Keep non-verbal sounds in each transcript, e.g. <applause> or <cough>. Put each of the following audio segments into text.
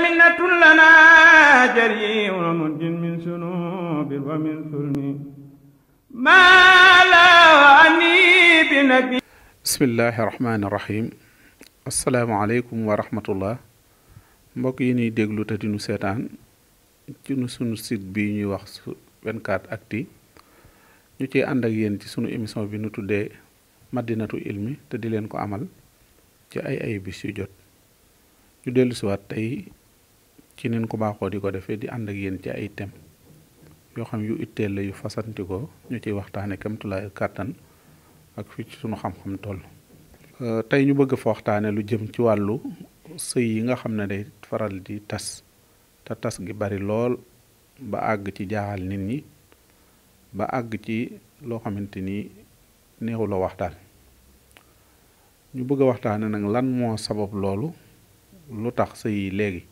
منة لنا جريء ومنج mbokk yi ñuy déglu te dinu seetaan ci sunu site bi ñuy wax 24 actu ñu ciy ànd ak yéen ci sunu émission bi nu tuddee madinatu ilmi te di leen ko amal ci ay ay bis yu jot ñu dellusiwaat tey ci nin baaxoo di ko defee di ànd ak yéen ci ay thèmes yoo xam yu itteel yu fasantikoo ñu ci waxtaane kamtulaay kàttan ak fii ci sunu xam-xam toll euh, tey ñu bëgg fa waxtaane lu jëm ci wàllu sëy yi nga xam ne day faral di tas te tas gi bari lool ba àgg ci jaaxal nit ñi ba àgg ci loo xamante ni neexu waxtaan ñu bëgg a waxtaane nag lan moo sabab loolu lu tax sëy yi léegi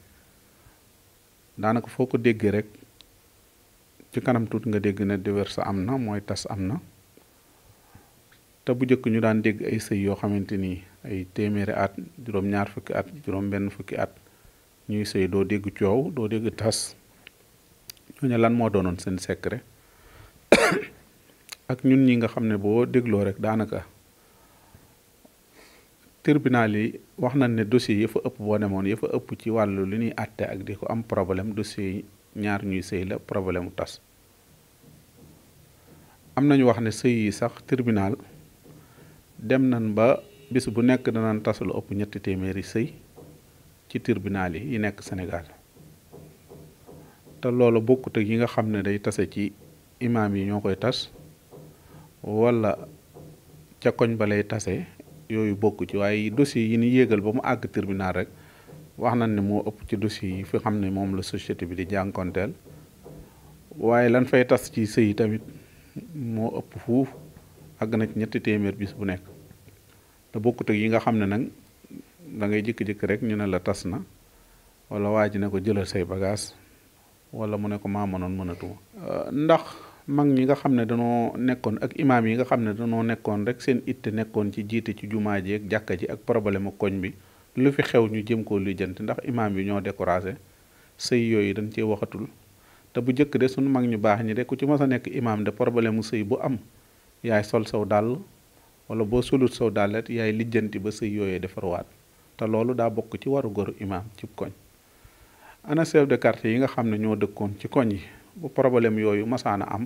daanaka foo ko déggee rek ci kanam tuuti nga dégg ne sa am na mooy tas am na te bu njëkk ñu daan dégg ay sëy yoo xamante ni ay téeméeri at juróom-ñaar fukki at juróom-benn fukki at ñuy sëy doo dégg coow doo dégg tas ñooñu lan moo doonoon seen secret <coughs> ak ñun ñi nga xam ne boo dégloo rek daanaka. tribunal yi wax nañ ne dossier yi ëpp boo demoon yi fa ëpp ci wàllu li ñuy àtte ak di ko am problème dossier ñaar ñuy sëy la problème mu tas am nañu wax ne sëy yi sax tribunal dem nañ ba bis bu nekk danañ tas lu ëpp ñetti téeméeri sëy ci tribunal yi yi nekk Sénégal te loolu bokkut ak yi nga xam ne day tase ci imaam yi ñoo koy tas walla ca koñ ba lay tase yooyu bokk ci waaye dossier yi nu yéegal ba mu àgg tribunal rek wax nañ ne moo ëpp ci dossier yi fi xam ne moom la société bi di jànkonteel waaye lan fay tas ci sëy tamit moo ëpp fuuf àgg na ci ñetti téeméer bis bu nekk te bokkut ak yi nga xam ne nag da ngay jékki rek ñu ne la tas na wala waa ji ne ko jëlal say bagaas wala mu ne ko maa mënoon mënatuma ndax mag ñi nga xam ne danoo nekkoon ak imaam yi nga xam ne danoo nekkoon rek seen it te nekkoon ci jiite ci jumaa ji ak jàkka ji ak problème mu koñ bi lu fi xew ñu jëm koo lijjanti ndax imaam yi ñoo découragé sëy yooyu dañ cee waxatul te bu njëkk de suñu mag ñu baax ñi de ku ci mës a nekk imaam de problème mu sëy bu am yaay sol saw dàll wala boo solut saw dàllet yaay lijjanti ba sëy yooyee defarwaat te loolu daa bokk ci waru goru imaam ci koñ ana chef de quartier yi nga xam ne ñoo dëkkoon ci koñ yi bu problème yooyu masaana am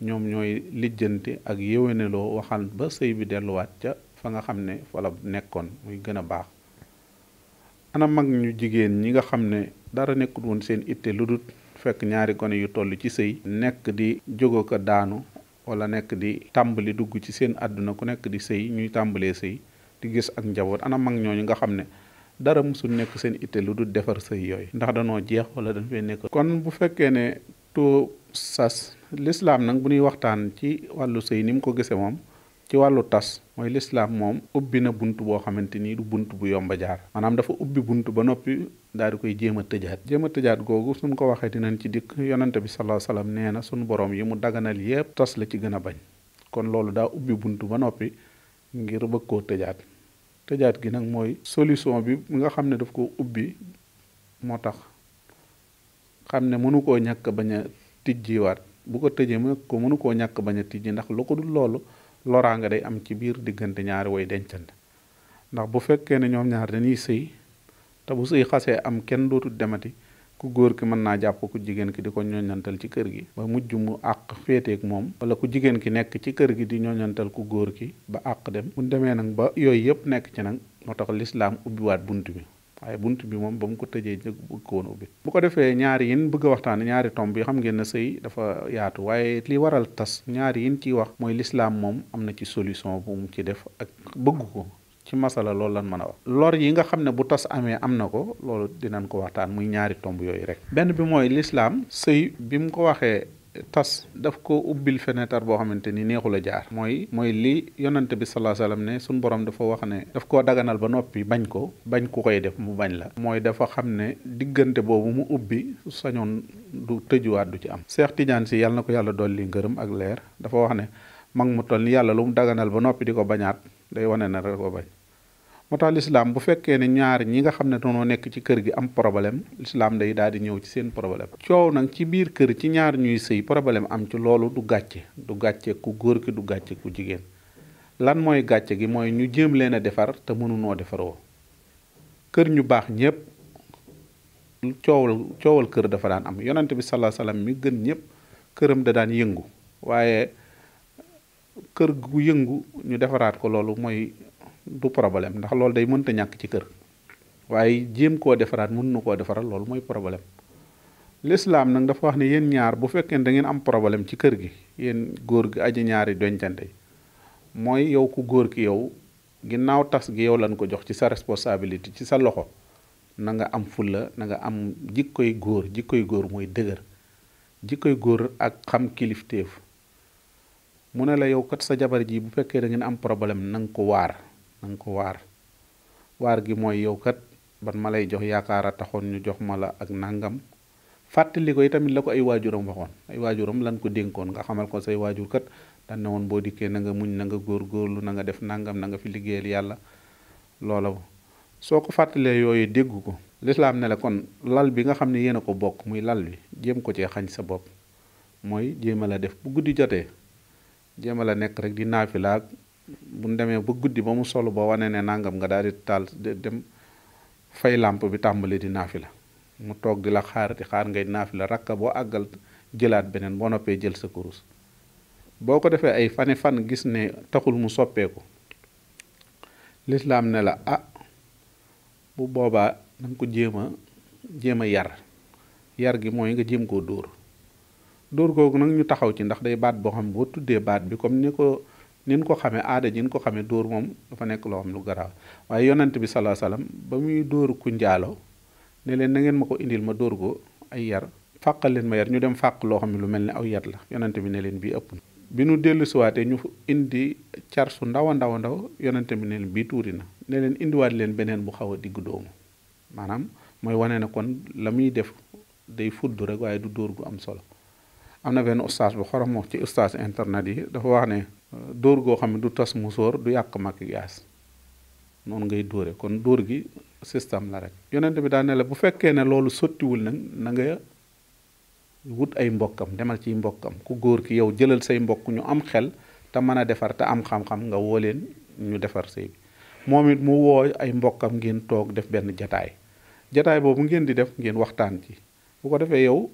ñoom ñooy lijjante ak yéwéneloo waxal ba sëy bi delluwaat ca fa nga xam ne fa la nekkoon muy gën a baax ana mag ñu jigéen ñi nga xam ne dara nekkul woon seen ite lu dul fekk ñaari gone yu toll ci sëy nekk di jógo ko daanu wala nekk di tàmbali dugg ci seen àdduna ku nekk di sëy ñuy tàmbalee sëy di gis ak njaboot ana mag ñooñu nga xam ne dara musul nekk seen itte lu dul defar sëy yooyu ndax danoo jeex wala dañ fay nekk surtout sas lislaam nag bu ñuy waxtaan ci wàllu sëy ni mu ko gisee moom ci wàllu tas mooy lislaam moom ubbi na bunt boo xamante ni du bunt bu yomba jaar maanaam dafa ubbi bunt ba noppi daa di koy jéem a tëjaat jéem a tëjaat googu suñ ko waxee dinañ ci dikk yonante bi sallallahu alayhi wasallam nee na suñu borom yi mu daganal yépp tas la ci gën a bañ kon loolu daa ubbi bunt ba noppi ngir bëgg koo tëjaat tëjaat gi nag mooy solution bi nga xam ne daf ko ubbi moo tax xam ne mënu koo ñàkk bañ a tijjiwaat bu ko tëjee mu ne ko mënu koo ñàkk bañ a tijji ndax lu ko dul loolu loraanga day am ci biir diggante ñaari way dencante ndax bu fekkee ne ñoom ñaar dañuy sëy te bu sëy xasee am kenn dootul demati ku góor ki mën naa jàpp ku jigéen ki di ko ñooñantal ci kër gi ba mujj mu àq féeteeg moom walla ku jigéen ki nekk ci kër gi di ñooñantal ku góor ki ba àq dem bu demee nag ba yooyu yëpp nekk ci nag moo tax lislaam ubbiwaat bunt bi waaye bunt bi moom ba mu ko tëjee njëg bëgg ko woon ubbi bu ko defee ñaari yin bëgg a waxtaan ñaari tomb yi xam ngeen na sëy dafa yaatu waaye li waral tas ñaari yin ciy wax mooy lislaam moom am na ci solution bu mu ci def ak bëggu ko ci masala lool lan mën a wax lor yi nga xam ne bu tas amee am na ko loolu dinañ ko waxtaan muy ñaari tomb yooyu rek benn bi mooy lislaam sëy bi mu ko waxee tas daf ko ubbil fenêtre boo xamante ni neexul a jaar mooy mooy lii yonante bi salaa ne suñ borom dafa wax ne daf koo daganal ba noppi bañ ko bañ ku koy def mu bañ la mooy dafa xam ne diggante boobu mu ubbi sañoon du tëjuwaat du ci am Seex Tijaan si yàlla na ko yàlla dolli ngërëm ak leer dafa wax ne mag mu toll ni yàlla lu mu daganal ba noppi di ko bañaat day wane na rek ko bañ moo tax lislaam bu fekkee ne ñaar ñi nga xam ne doonoo nekk ci kër gi am problème lislaam day daal ñëw ci seen problème coow nag ci biir kër ci ñaar ñuy sëy problème am ci loolu du gàcce du gàcce ku góor ki du gàcce ku jigéen lan mooy gàcce gi mooy ñu jéem leen a defar te mënunoo defaroo kër ñu baax ñépp coowal coowal kër dafa daan am yonent bi salaa salaam mi gën ñépp këram da daan yëngu waaye kër gu yëngu ñu defaraat ko loolu mooy du problème ndax loolu day mënta ñàkk ci kër waaye jéem koo defaraat mën na koo defaral loolu mooy problème lislaam nag dafa wax ne yéen ñaar bu fekkee da ngeen am problème ci kër gi yéen góor gi aji ñaari doncante mooy yow ku góor ki yow ginnaaw tas yow lañ ko jox ci sa responsabilité ci sa loxo na nga am fulla na nga am jikkoy góor jikkoy góor mooy dëgër jikkoy góor ak xam kilifteef mu ne la yow kat sa jabar ji bu fekkee da ngeen am problème na ko waar nanga ko waar waar gi mooy yow kat ban ma lay jox yaakaar a taxoon ñu jox ma la ak nangam fàttali ko yi itamit la ko ay waajuram waxoon ay waajuram lan ko dénkoon nga xamal ko say waajur kat dañ woon boo dikkee na nga muñ nanga góor góorlu nanga def nangam na nga fi liggéeyal yàlla loola soo ko fàttalee yooyu déggu ko lislaam ne la kon lal bi nga xam ne yéen a ko bokk muy lal bi jéem ko cee xañ sa bopp mooy jéem a la def bu guddi jotee jéem a nekk buñ demee ba guddi ba mu solo boo wanee ne nangam nga daal di taal dem fay làmp bi tàmbali di naafi la mu togg di la xaar di xaar ngay naafila rakka boo àggal jëlaat beneen boo noppee jël sa kurus boo ko defee ay fani fan gis ne taxul mu soppeeku lislaam ne la ah bu boobaa danga ko jéem a jéem a yar yar gi mooy nga jéem koo dóor dóor googu nag ñu taxaw ci ndax day baat boo xam boo tuddee baat bi comme ni ko nin ko xamee aada ji nin ko xamee dóor moom dafa nekk loo xam lu garaaw waaye yonent bi salaa salaam ba muy dóor ku njaalo ne leen na ngeen ma ko indil ma dóor ko ay yar fàqal leen ma yar ñu dem fàq loo xam ne lu mel ni aw yat la yonent bi ne leen bii ëpp na bi nu dellu siwaatee ñu indi car su ndaw a ndaw a ndaw yonent bi ne leen bii tuuri na neleen indiwaat leen beneen bu xaw a digg doomu maanaam mooy wane ne kon la muy def day fudd rek waaye du dóor gu am solo am na benn ustaas bu xorom wax ci ustaas internet yi dafa wax ne euh, dóor goo xam ne du tas musóor du yàq maquillage noonu ngay dóore kon dóor gi système la rek yonent bi daal ne la bu fekkee ne loolu sottiwul nag na nga wut ay mbokkam demal ciy mbokkam ku góor ki yow jëlal say mbokk ñu am xel te mën a defar te am xam-xam nga woo leen ñu defar sëy bi moom it mu woo ay mbokkam ngeen toog def benn jataay jataay boobu ngeen di def ngeen waxtaan ci bu ko defee yow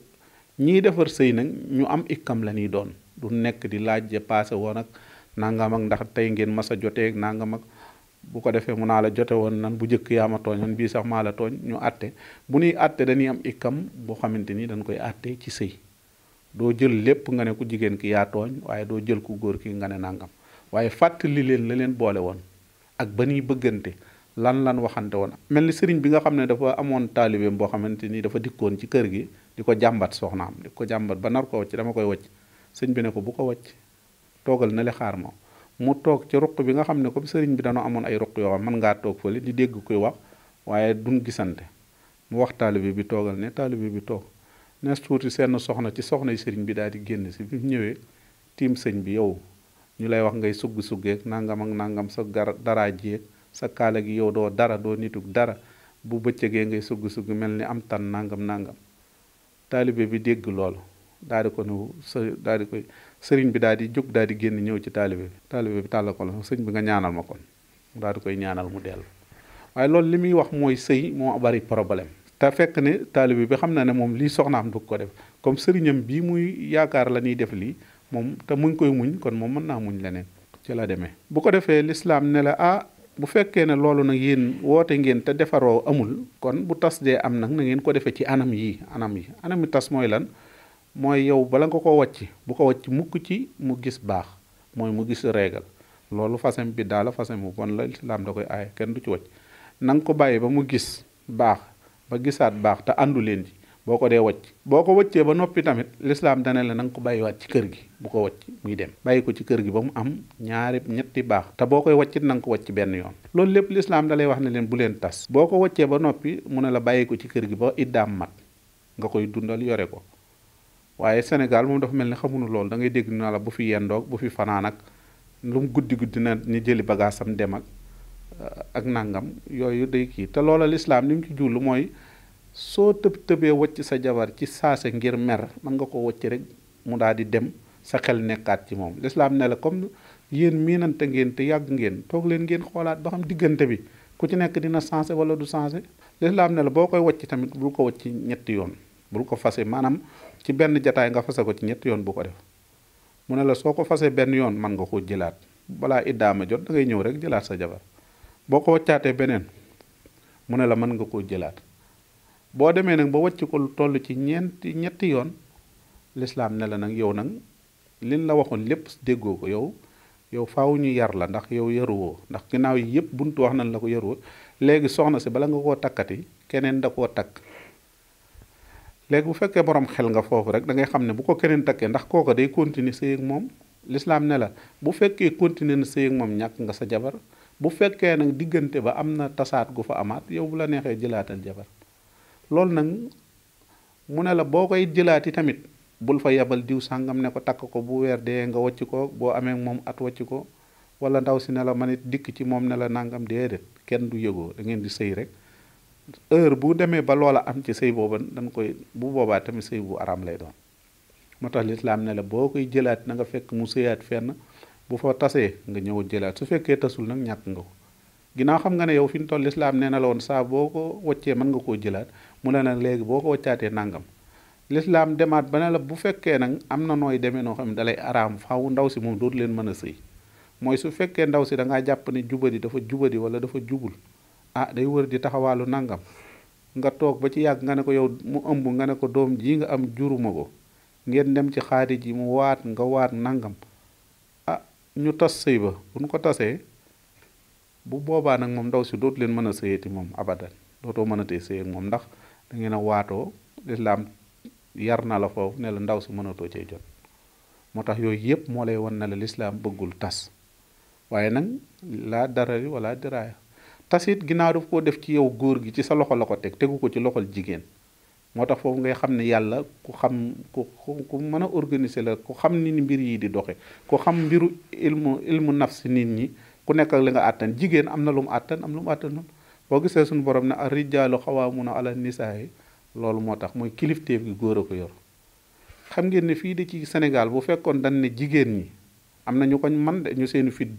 ñiy defar sëy nag ñu am ikkam la doon du nekk di laaj paase woon ak nangam ak ndax tey ngeen mas a joteeg nangam ak bu ko defee mu naa la jote woon nan bu njëkk yaa ma tooñoon bii sax maa la tooñ ñu àtte bu ñuy àtte dañuy am ikkam boo xamante ni dañ koy àtte ci sëy doo jël lépp nga ne ku jigéen ki yaa tooñ waaye doo jël ku góor ki nga ne nangam waaye fàttali leen la leen boole woon ak ba ñuy bëggante lan lan waxante woon mel ni sëriñ bi nga xam ne dafa amoon taalibeem boo xamante nii dafa dikkoon ci kër gi di ko jàmbat soxnaam di ko jàmbat ba nar ko wacc dama koy wacc sëñ bi ne ko bu ko wacc toogal na le xaar ma mu toog ci ruq bi nga xam ne comme sëriñ bi danoo amoon ay ruq yoo mën ngaa toog fële di dégg koy wax waaye duñ gisante mu wax bi toogal ne taalibe bi toog nees tuuti seen soxna ci soxna yi sëriñ bi daal di génn si bi ñëwee tiim sëñ bi yow ñu lay wax ngay sugg suggeeg nangam ak nangam sa gar dara yeeg sa kaala gi yow doo dara doo nitug dara bu bëccëgee ngay sugg-sugg mel ni am tan nangam nangam taalibe bi dégg loolu daal di ko ne daal di sëriñ bi daal di jóg daal di génn ñëw ci taalibe bi taalibe bi tàll ko la sëñ bi nga ñaanal ma kon daal di koy ñaanal mu dellu waaye loolu li muy wax mooy sëy moo bari problème te fekk ne taalibe bi xam na ne moom lii soxnaam du ko def comme sëriñam bii muy yaakaar la ñuy def lii moom te muñ koy muñ kon moom mën naa muñ leneen ci la demee bu fekkee ne loolu nag yéen woote ngeen te defaroo amul kon bu tas dee am nag na ngeen ko defee ci anam yi anam yi anam yi tas mooy lan mooy yow bala nga ko wacc bu ko wacc mukk ci mu gis baax mooy mu gis réegal loolu façon bi daal la façon bu bon la lislaam da koy aaye kenn du ci wàcc na ko bàyyi ba mu gis baax ba gisaat baax te àndu leen ci boo ko dee wacc boo ko waccee ba noppi tamit lislaam dane la na ko bàyyiwaat ci kër gi bu ko wacc muy dem bàyyi ko ci kër gi ba mu am ñaari ñetti baax te boo koy waccit na nga ko wacc benn yoon loolu lépp lislaam da lay wax ne leen bu leen tas boo ko waccee ba noppi mu ne la bàyyi ko ci kër gi ba iddaam mat nga koy dundal yore ko waaye Sénégal moom dafa mel ni xamuñu loolu da ngay dégg na la bu fi yendoog bu fi fanaan ak lu mu guddi guddi na ni jëli bagaasam dem ak ak nangam yooyu day kii te loola lislaam ni mu ci jullu mooy soo tëb tëbee wacc sa jabar ci saase ngir mer mën nga ko wacc rek mu daal di dem sa xel nekkaat ci moom lislaam ne la comme yéen miinante ngeen te yàgg ngeen toog leen ngeen xoolaat ba xam diggante bi ku ci nekk dina sensé wala du sensé lislaam ne la boo koy wacc tamit bul ko wacc ñetti yoon bul ko fase maanaam ci benn jataay nga fase ko ci ñetti yoon bu ko def mu ne la soo ko fasee benn yoon mën nga koo jëlaat balaa ma jot da ngay ñëw rek jëlaat sa jabar boo ko waccaatee beneen mu ne la mën nga koo jëlaat boo demee nag ba wàcc ko lu toll ci ñeenti ñetti yoon lislaam ne la nag yow nag lin la waxoon lépp déggoo ko yow yow faaw ñu yar la ndax yow yaruwoo ndax ginnaaw yi yëpp buntu wax nañ la ko yaruwoo léegi soxna si bala nga koo takkati keneen da koo takk léegi bu fekkee borom xel nga foofu rek da ngay xam ne bu ko keneen takkee ndax kooka day continuer sëy ak moom lislaam ne la bu fekkee continuer na sëy ak moom ñàkk nga sa jabar bu fekkee nag diggante ba am na tasaat gu fa amaat yow bu la neexee jëlaatal jabar loolu nag mu ne la boo koy jëlaati tamit bul fa yabal diw sàngam ne ko takk ko bu weer dee nga wacc ko boo amee moom at wacc ko wala ndaw si ne la man it dikk ci moom ne la nangam déedéet kenn du yëgoo da ngeen di sëy rek heure bu demee ba loola am ci sëy booba dañ koy bu boobaa tamit sëy bu araam lay doon moo tax lislaam ne la boo koy jëlaat na nga fekk mu sëyaat fenn bu fa tasee nga ñëw jëlaat su fekkee tasul nag ñàkk nga ko ginnaaw xam nga ne yow fi ñu toll lislaam nee na la woon saa boo ko waccee mën nga koo jëlaat mu ne nag léegi boo ko waccaatee nangam lislaam demaat ba ne la bu fekkee nag am na nooy demee noo xam ne dalay araam faaw ndaw si moom dootu leen mën a sëy mooy su fekkee ndaw si da ngaa jàpp ne jubadi dafa jubadi wala dafa jubul ah day wër di taxawaalu nangam nga toog ba ci yàgg nga ne ko yow mu ëmb nga ne ko doom jii nga am juruma ko ngeen dem ci xaarij yi mu waat nga waat nangam ah ñu tas sëy ba buñ ko tasee bu boobaa nag moom ndaw si dootu leen mën a sëyati moom abadan dootoo mën a tee sëy ak moom ndax da a waatoo lislaam yar na la foofu ne la ndaw si mënatoo cee jot moo tax yooyu yëpp moo lay wan na la lislaam bëggul tas waaye nag laa darari wala diraaya tas it ginnaaw daf koo def ci yow góor gi ci sa loxo la ko teg tegu ko ci loxol jigéen moo tax foofu ngay xam ne yàlla ku xam ku ku mën a organiser la ku xam ni mbir yi di doxe ku xam mbiru ilmu ilmu si nit ñi ku nekk ak li nga àttan jigéen am na lu mu àttan am lu mu àttanul boo gisee suñu borom ne ar-rijaalu xawaamuna ala nisaa loolu moo tax mooy kilifteef gi góor a ko yor xam ngeen ne fii di ci Sénégal bu fekkoon dañ ne jigéen ñi am na ñu man ñu seeni fit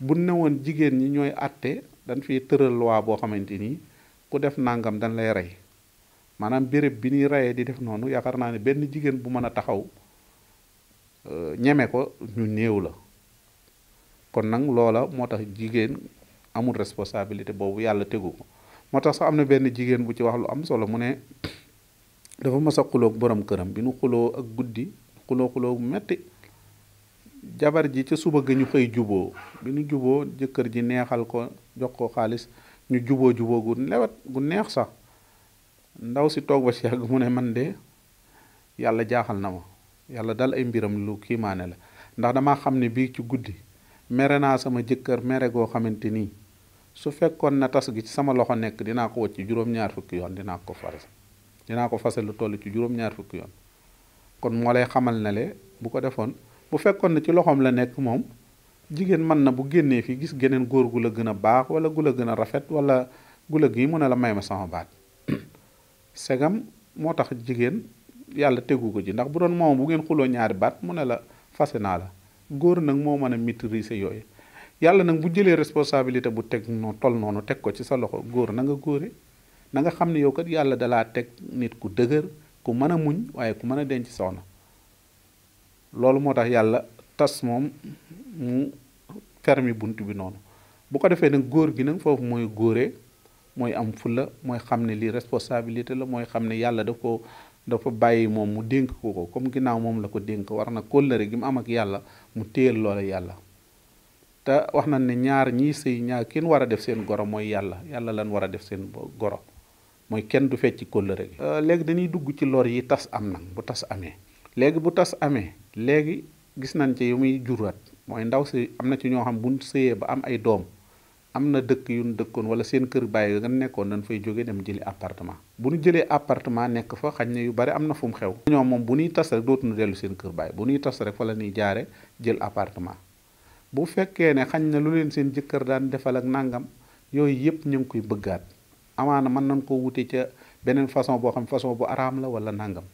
bu newoon jigéen ñi ñooy àtte dañ fiy tëral loi boo xamante ni ku def nangam dañ lay rey maanaam béréb bi ñuy reyee di def noonu yaakaar naa ne benn jigéen bu mën a taxaw euh, ñeme ko ñu néew la kon nag loola moo tax jigéen amul responsabilité boobu yàlla tegu ko moo tax sax am na benn jigéen bu ci wax lu am solo mu ne dafa mas a xuloo ak borom këram bi nu xuloo ak guddi xuloo xuloo bu metti jabar ji ca suba ga ñu xëy juboo bi nu juboo jëkkër ji neexal ko jox ko xaalis ñu juboo juboo gu lewet gu neex sax ndaw si toog ba si yàgg mu ne man de yàlla jaaxal na ma yàlla dal ay mbiram lu kiimaane la ndax damaa xam ne bii ci guddi mere naa sama jëkkër mere goo xamante nii su fekkoon na tas gi ci sama loxo nekk dinaa ko wacc ci juróom-ñaar fukki yoon dinaa ko fase dinaa ko fase lu toll ci juróom-ñaar yoon kon moo lay xamal ne le bu ko defoon bu fekkoon na ci loxoom la nekk moom jigéen mën na bu génnee fii gis geneen góor gu la gën a baax wala gu la gën a rafet wala gu la gii mu ne la may ma sama baat <clears throat> segam moo tax jigéen yàlla tegu ko ci ndax bu doon moom bu ngeen xuloo ñaari baat mu ne la fase naa la góor nag moo mën a maîtriser yooyu yàlla nag bu jëlee responsabilité bu teg noo tol noonu teg ko ci sa loxo góor na nga góore na nga xam ne yow kat yàlla dalaa teg nit ku dëgër ku mën a muñ waaye ku mën a denc soxna loolu moo tax yàlla tas moom mu fermi bunt bi noonu bu ko defee nag góor gi nag foofu mooy góoree mooy am fula mooy xam ne lii responsabilité la mooy xam ne yàlla daf ko dafa bàyyi moom mu dénk ko ko comme ginnaaw moom la ko dénk war na rek gi mu am ak yàlla mu téyel loola yàlla te wax nañ ne ñaar ñii sëy ñaar kenn war a def seen goro mooy yàlla yàlla lan war a def seen goro mooy kenn du fecc kóllëre gi euh, léegi dañuy dugg ci lor yi tas am nag bu tas amee léegi bu tas amee léegi gis nañ ci yu muy jurat mooy ndaw si am na ci ñoo xam buñ sëyee ba am ay doom am na dëkk yu nu dëkkoon wala seen kër bàyyi nga nekkoon dañ fay jóge dem jëli appartement bu ñu jëlee appartement nekk fa xañ ne yu bari am na fu mu xew ñoom moom bu ñuy tas rek dootuñu dellu seen kër bàyyi bu ñuy tas rek fa la ñuy jaare jël appartement bu fekkee ne xañ na lu leen seen jëkkër daan defal ak nàngam yooyu yëpp ñu ngi koy bëggaat amaana mën nañ ko wute ca beneen façon boo xam façon bu araam la wala nàngam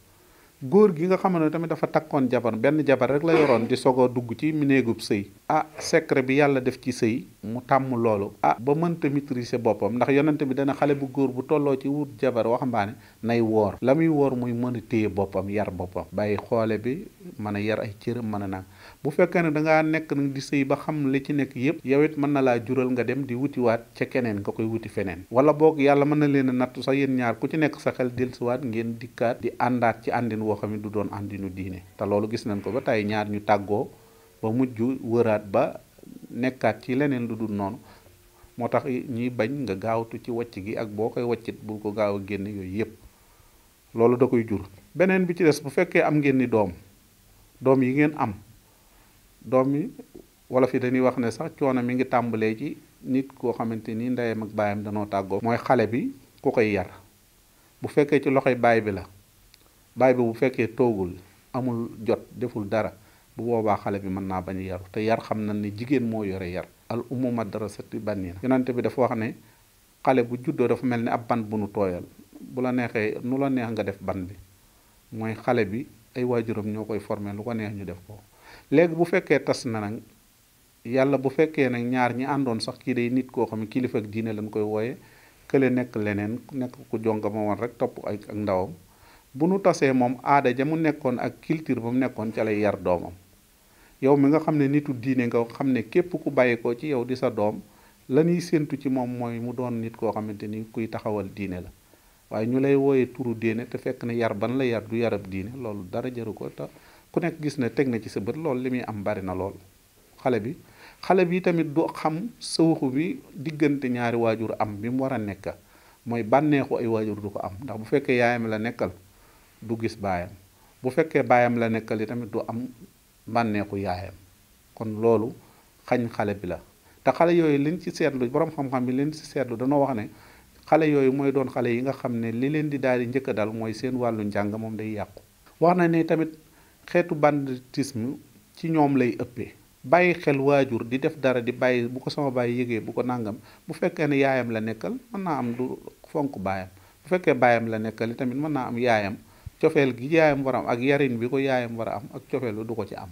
góor gi nga xam ne tamit dafa takkoon jabar benn jabar rek la yoroon di sogo dugg ci néegub sëy ah secret bi yàlla def ci sëy mu tàmm loolu ah ba mënta maîtriser boppam ndax yonente bi dana xale bu góor bu tolloo ci wut jabar waxambaane nay woor la muy woor muy mën a téye boppam yar boppam bàyyi xoole bi mën a yar ay cëram mën a naan bu fekkee ne danga nekk nag di sëy ba xam li ci nekk yépp yow mën na laa jural nga dem di wutiwaat ca keneen nga koy wuti feneen wala boog yàlla mën na leen nattu sax yéen ñaar ku ci nekk sa xel dellusiwaat ngeen dikkaat di àndaat ci àndin woo xam ne du doon àndinu diine te loolu gis nañ ko ba tey ñaar ñu tàggoo ba mujj wëraat ba nekkaat ci leneen lu dul noonu moo tax ñuy bañ nga gaawtu ci wàcc gi ak boo koy wàccit bu ko gaaw a génn yooyu yépp loolu da koy jur beneen bi ci des bu fekkee am ngeen ni doom doom yi ngeen am doom yi wolof yi dañuy wax ne sax coono mi ngi tàmbalee ci nit koo xamante ni ndeyam ak baayam danoo tàggoo. mooy xale bi ku koy yar bu fekkee ci loxoy baay bi la baay bi bu fekkee toogul amul jot deful dara bu boobaa xale bi mën naa bañ a yaru te yar xam na ne jigéen moo yore yar. al umuma darasati bannina yonante bi dafa wax ne xale bu juddoo dafa mel ni ab ban bu nu tooyal bu la neexee nu la neex nga def ban bi mooy xale bi ay waajuram ñoo koy formé lu ko neex ñu def ko. léegi bu fekkee tas na nag yàlla bu fekkee nag ñaar ñi àndoon sax kii day nit koo xam ne kilifa diine lañ koy wooye kële nekk leneen nekk ku jongama rek topp ay ak bu nu tasee moom aada ja mu nekkoon ak culture ba mu nekkoon ca lay yar doomam yow mi nga xam ne nitu diine nga xam ne képp ku bàyyi ko ci yow di sa doom la ñuy séentu ci moom mooy mu doon nit koo xamante ni kuy taxawal diine la waaye ñu lay wooyee turu diine te fekk na yar ban la yar du yarab diine loolu dara jaru ko te ku nekk gis na teg na ci sa bët lool li muy am bari na lool xale bi xale bi tamit du xam sawuxu bi diggante ñaari waajur am bi mu war a nekk mooy bànneexu ay waajur du ko am ndax bu fekkee yaayam la nekkal du gis baayam bu fekkee baayam la nekkal yi tamit du am bànneexu yaayam kon loolu xañ xale bi la te xale yooyu liñ ci seetlu borom xam-xam bi leen ci seetlu danoo wax ne xale yooyu mooy doon xale yi nga xam ne li leen di daal di njëkk a dal mooy seen wàllu njàng moom day yàqu xeetu banditisme ci ñoom lay ëppee bàyyi xel waajur di def dara di bàyyi bu ko sama bàyyi yëgee bu ko nàngam bu fekkee ne yaayam la nekkal mën naa am du fonk baayam bu fekkee bàyyam la nekkal i tamit mën naa am yaayam cofeel gi yaayam war a am ak yariñ bi ko yaayam war a am ak cofeel bi du ko ci am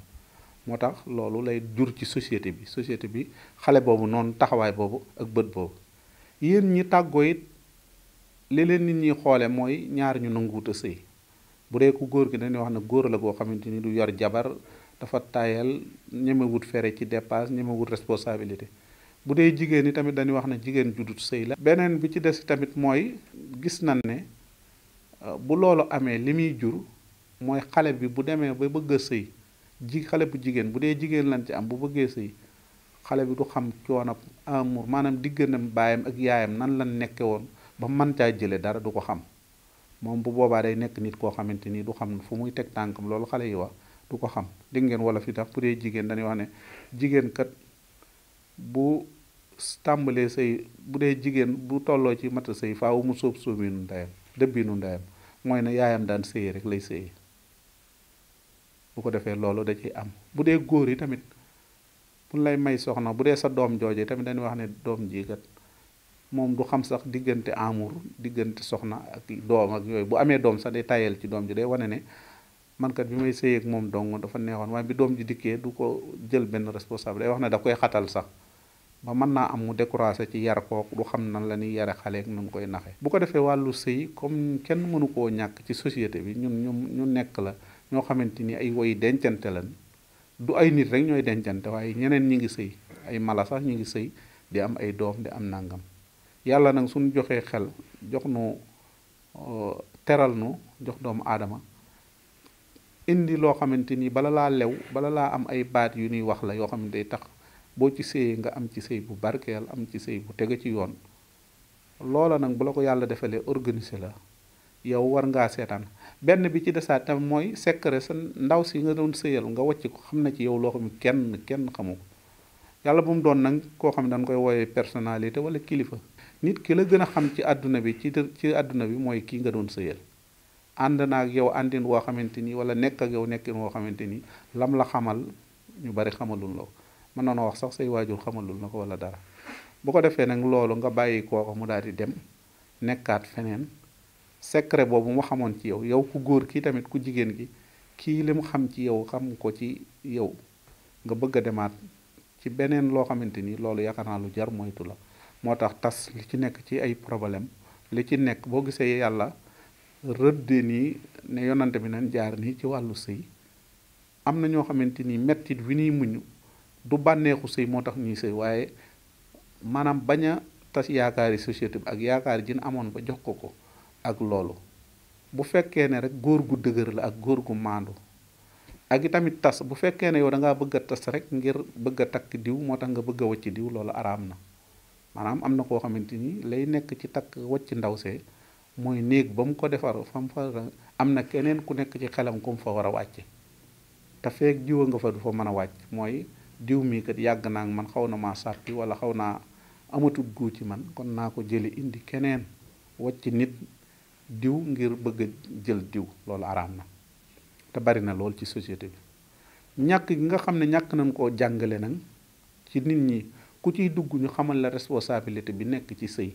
moo tax loolu lay jur ci société bi société bi xale boobu noonu taxawaay boobu ak bët boobu yéen ñi tàggoo it li leen nit ñi xoole mooy ñaar ñu nanguwut a sëy bu dee ku góor gi dañuy wax na góor la goo xamante ni du yor jabar dafa tayal ñemewut fere ci dépasse ñemewut responsabilité bu dee jigéen yi tamit dañuy wax na jigéen judut sëy la beneen bi ci des tamit mooy gis nañ ne euh, bu loolu amee li muy jur mooy xale bi bu demee ba bëgg sëy ji xale bu jigéen bu dee jigéen lañ ci am bu bëggee sëy xale bi du xam coono amour maanaam digganteem baayam ak yaayam nan lan nekke woon ba mën caa jële dara du ko xam moom bu boobaa day nekk nit koo xamante nii du xam fu muy teg tànkam loolu xale yi wax du ko xam dégg ngeen wala fi tax bu dee jigéen dañuy wax ne jigéen kat bu tàmbalee sëy bu dee jigéen bu tolloo ci mata sëy faaw mu sóob sóobinu ndeyam dëbbinu ndeyam mooy ne yaayam daan sëy rek lay sëy bu ko defee loolu da ciy am bu dee góor yi tamit bu lay may soxna bu dee sa doom jooje tamit dañuy wax ne doom jii kat moom du xam sax diggante amour diggante soxna ak doom ak yooyu bu amee doom sax day tayal ci doom ji day wane ne man kat bi may sëy ak moom dong dafa neexoon waaye bi doom ji dikkee du ko jël benn responsable wax ne da koy xatal sax ba mën naa am mu découragé ci yar kook du xam nan la ñuy yare xale ak koy naxe bu ko defee wàllu sëy comme kenn mënu koo ñàkk ci société bi ñun ñu ñu nekk la ñoo xamante ni ay woy dencante lan du ay nit rek ñooy dencante waaye ñeneen ñi ngi sëy ay mala sax ñi ngi sëy di am ay doom di am nàngam yàlla nag suñu joxee xel jox nu euh, teral nu jox doomu aadama indi loo xamante ni bala laa lew bala laa am ay baat yu nuy wax la yoo xam ne day tax boo ci sëyee nga am ci sëy bu barkeel am ci sëy bu tege ci yoon loola nag bu la ko yàlla defalee organiser la yow war ngaa seetaan benn bi ci desaat tam mooy secret sa ndaw si nga doon sëyal nga wàcc ko xam na ci yow loo xam ne kenn kenn xamu ko yàlla bu mu doon nag koo xam ne dañ koy woowee personnalité wala kilifa nit ki la gën a xam ci àdduna bi ci ci àdduna bi mooy kii nga doon sëyal ànd naa ak yow àndin woo xamante ni wala nekk ak yow nekkin woo xamante ni lam la xamal ñu bari xamalul la ko mën na wax sax say waajur xamalul na ko wala dara bu ko defee nag loolu nga bàyyi kooku mu daal di dem nekkaat feneen secret boobu mu xamoon ci yow yow ku góor kii tamit ku jigéen gi kii li xam ci yow xam ko ci yow nga bëgg a demaat ci beneen loo xamante ni loolu yaakaar naa lu jar moytu la. moo tax tas li ci nekk ci ay problème li ci nekk boo gisee yàlla rëddee nii ne yonante bi nañ jaar nii ci wàllu sëy am na ñoo xamante ni mettit wi ñuy muñ du bànneexu sëy moo tax ñuy sëy waaye maanaam bañ a tas yaakaari société bi ak yaakaar jin amoon ba jox ko ko ak loolu bu fekkee ne rek góor gu dëgër la ak góor gu maandu ak itamit tas bu fekkee ne yow da ngaa bëgg a tas rek ngir bëgg a takk diw moo tax nga bëgg a wacc diw loolu araam na maanaam am na koo xamante ni lay nekk ci takk wacc ndaw see mooy néeg ba mu ko defar fam fa am na keneen ku nekk ci xelam ku mu fa war a wàcce te feek jiw nga fa du fa mën a wàcc mooy diw mii kat yàgg naa man xaw na maa sàrti wala xaw naa amatul guu ci man kon naa ko jëli indi keneen wacc nit diw ngir bëgg jël diw loolu araam na te bari na lool ci société bi ñàkk nga xam ne ñàkk nañ koo jàngale nag ci nit ñi ku ciy dugg ñu xamal la responsabilité bi nekk ci sëy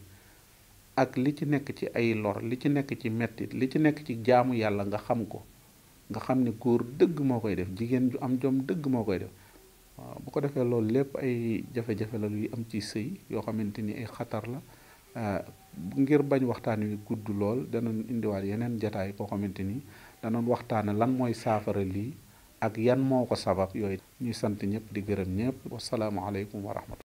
ak li ci nekk ci ay lor li ci nekk ci mettit li ci nekk ci jaamu yàlla nga xam ko nga xam ne góor dëgg moo koy def jigéen ju am jom dëgg moo koy def waaw bu ko defee loolu lépp ay jafe-jafe la luy am ci sëy yoo xamante ni ay xatar la euh, ngir bañ waxtaan wi gudd lool danoon indiwaat yeneen jataay koo xamante ni danoon waxtaana lan mooy saafara lii ak yan moo ko sabab yooyu ñuy sant ñëpp di gërëm ñëpp wasalaamualeykum